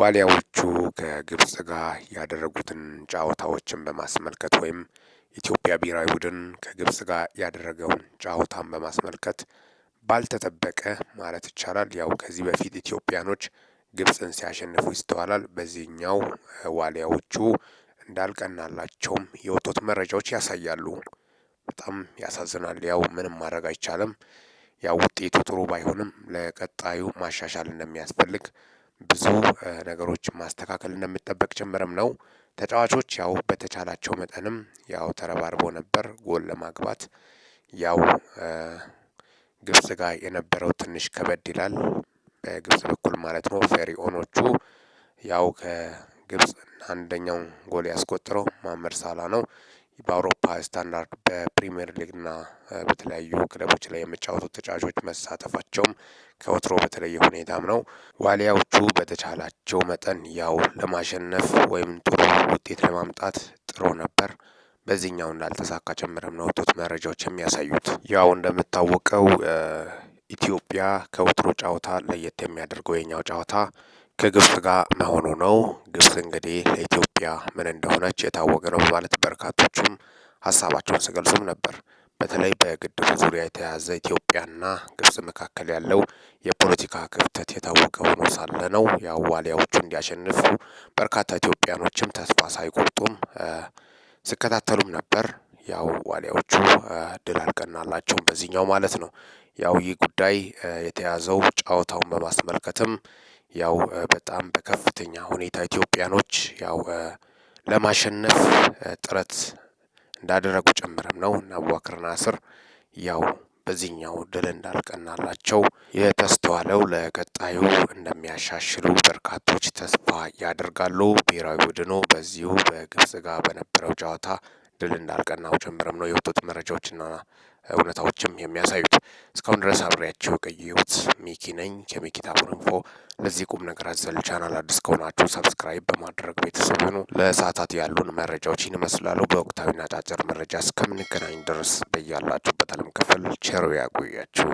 ዋሊያዎቹ ከግብጽ ጋር ያደረጉትን ጨዋታዎችን በማስመልከት ወይም ኢትዮጵያ ብሔራዊ ቡድን ከግብጽ ጋር ያደረገውን ጨዋታን በማስመልከት ባልተጠበቀ ማለት ይቻላል። ያው ከዚህ በፊት ኢትዮጵያኖች ግብጽን ሲያሸንፉ ይስተዋላል። በዚህኛው ዋሊያዎቹ እንዳልቀናላቸውም የወጡት መረጃዎች ያሳያሉ። በጣም ያሳዝናል። ያው ምንም ማድረግ አይቻልም። ያው ውጤቱ ጥሩ ባይሆንም ለቀጣዩ ማሻሻል እንደሚያስፈልግ ብዙ ነገሮችን ማስተካከል እንደሚጠበቅ ጭምርም ነው። ተጫዋቾች ያው በተቻላቸው መጠንም ያው ተረባርቦ ነበር ጎል ለማግባት ያው ግብጽ ጋር የነበረው ትንሽ ከበድ ይላል በግብጽ በኩል ማለት ነው። ፌሪኦኖቹ ያው ከግብጽ አንደኛው ጎል ያስቆጠረው ማመር ሳላ ነው። በአውሮፓ ስታንዳርድ በፕሪሚየር ሊግና በተለያዩ ክለቦች ላይ የሚጫወቱ ተጫዋቾች መሳተፋቸውም ከወትሮ በተለየ ሁኔታም ነው። ዋሊያዎቹ በተቻላቸው መጠን ያው ለማሸነፍ ወይም ጥሩ ውጤት ለማምጣት ጥሮ ነበር። በዚህኛው እንዳልተሳካ ጭምርም ነው ወጡት መረጃዎች የሚያሳዩት። ያው እንደሚታወቀው ኢትዮጵያ ከወትሮ ጨዋታ ለየት የሚያደርገው የኛው ጨዋታ ከግብጽ ጋር መሆኑ ነው። ግብጽ እንግዲህ ለኢትዮጵያ ምን እንደሆነች የታወቀ ነው በማለት በርካቶቹም ሀሳባቸውን ሲገልጹም ነበር። በተለይ በግድቡ ዙሪያ የተያዘ ኢትዮጵያና ግብጽ መካከል ያለው የፖለቲካ ክፍተት የታወቀ ሆኖ ሳለ ነው የአዋሊያዎቹ እንዲያሸንፉ በርካታ ኢትዮጵያኖችም ተስፋ ሳይቆርጡም ሲከታተሉም ነበር። ያው ዋሊያዎቹ ድል አልቀናላቸውም በዚህኛው ማለት ነው። ያው ይህ ጉዳይ የተያዘው ጨዋታውን በማስመልከትም ያው በጣም በከፍተኛ ሁኔታ ኢትዮጵያኖች ያው ለማሸነፍ ጥረት እንዳደረጉ ጭምርም ነው እና አቡበክር ናስር ያው በዚህኛው ድል እንዳልቀናላቸው የተስተዋለው ለቀጣዩ እንደሚያሻሽሉ በርካቶች ተስፋ ያደርጋሉ። ብሔራዊ ቡድኑ በዚሁ በግብጽ ጋር በነበረው ጨዋታ ድል እንዳልቀናው ጭምርም ነው የወጡት መረጃዎችና እውነታዎችም የሚያሳዩት። እስካሁን ድረስ አብሬያቸው የቆየሁት ሚኪ ነኝ ከሚኪታ ቦርንፎ ለዚህ ቁም ነገር አዘል ቻናል አዲስ ከሆናችሁ ሰብስክራይብ በማድረግ ቤተሰብ ሆኑ። ለሰዓታት ያሉን መረጃዎችን ይመስላሉ። በወቅታዊና አጫጭር መረጃ እስከምንገናኝ ድረስ በያላችሁበት ዓለም ክፍል ቸር ያቆያችሁ።